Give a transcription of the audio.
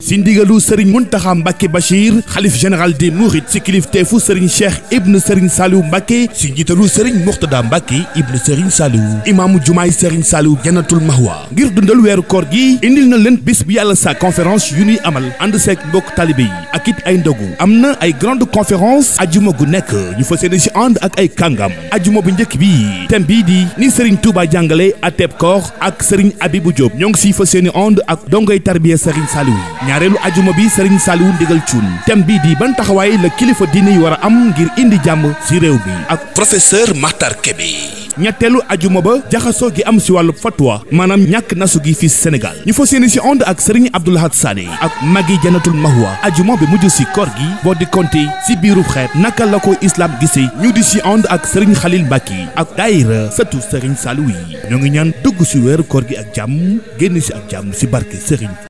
si ndigalu sëriñ muntaxa mbàkke bachir xalif général des mourides si kilifteefu sëriñ cheikh ibn sëriñ saaliwu mbàkke si njiitalu sëriñ muxtada mbàkke ibn sëriñ saaliwu imaamu jumaay sëriñ saaliwu janatul mahwa ngir dundal weeru koor gi indil na leen bis bu yàlla sa conférence yu ñuy amal ànd seek mbokk taalibé yi ak it ay ndogu am na ay grande conférence ajuma gu nekk ñu fa seeni si ànd ak ay kàngam ajuma bu njëkk bi thème bii di ni sëriñ touba jàngale ateb koor ak sëriñ abibu diop ñoo ngi siy fa seeni ànd ak dongoy tarbiya sëriñ saaliwu ñaareelu ajuma bi Serigne Saliou ndigal Thioune thème bi di ban taxawaay la kilifa diine yi war a am ngir indi jàmm ci réew bi ak professeur Makhtar Kébé. ñetteelu ajuma ba jaxasoo gi am si wàllu fatwa maanaam ñàkk nasu gi fii Sénégal ñu fa yéene si ond ak Serigne Abdou Lahad Sané ak magi janatul mahwa ajuma bi mujj si kor gi boo di konté si biiru xeet naka la ko islam gise ñu di si ond ak Serigne Khalil Mbacke ak daayira sëtu Serigne Saliou yi ñoo ngi ñaan dugg si weeru koor gi ak jàmm génn si ak jàmm si barke Serigne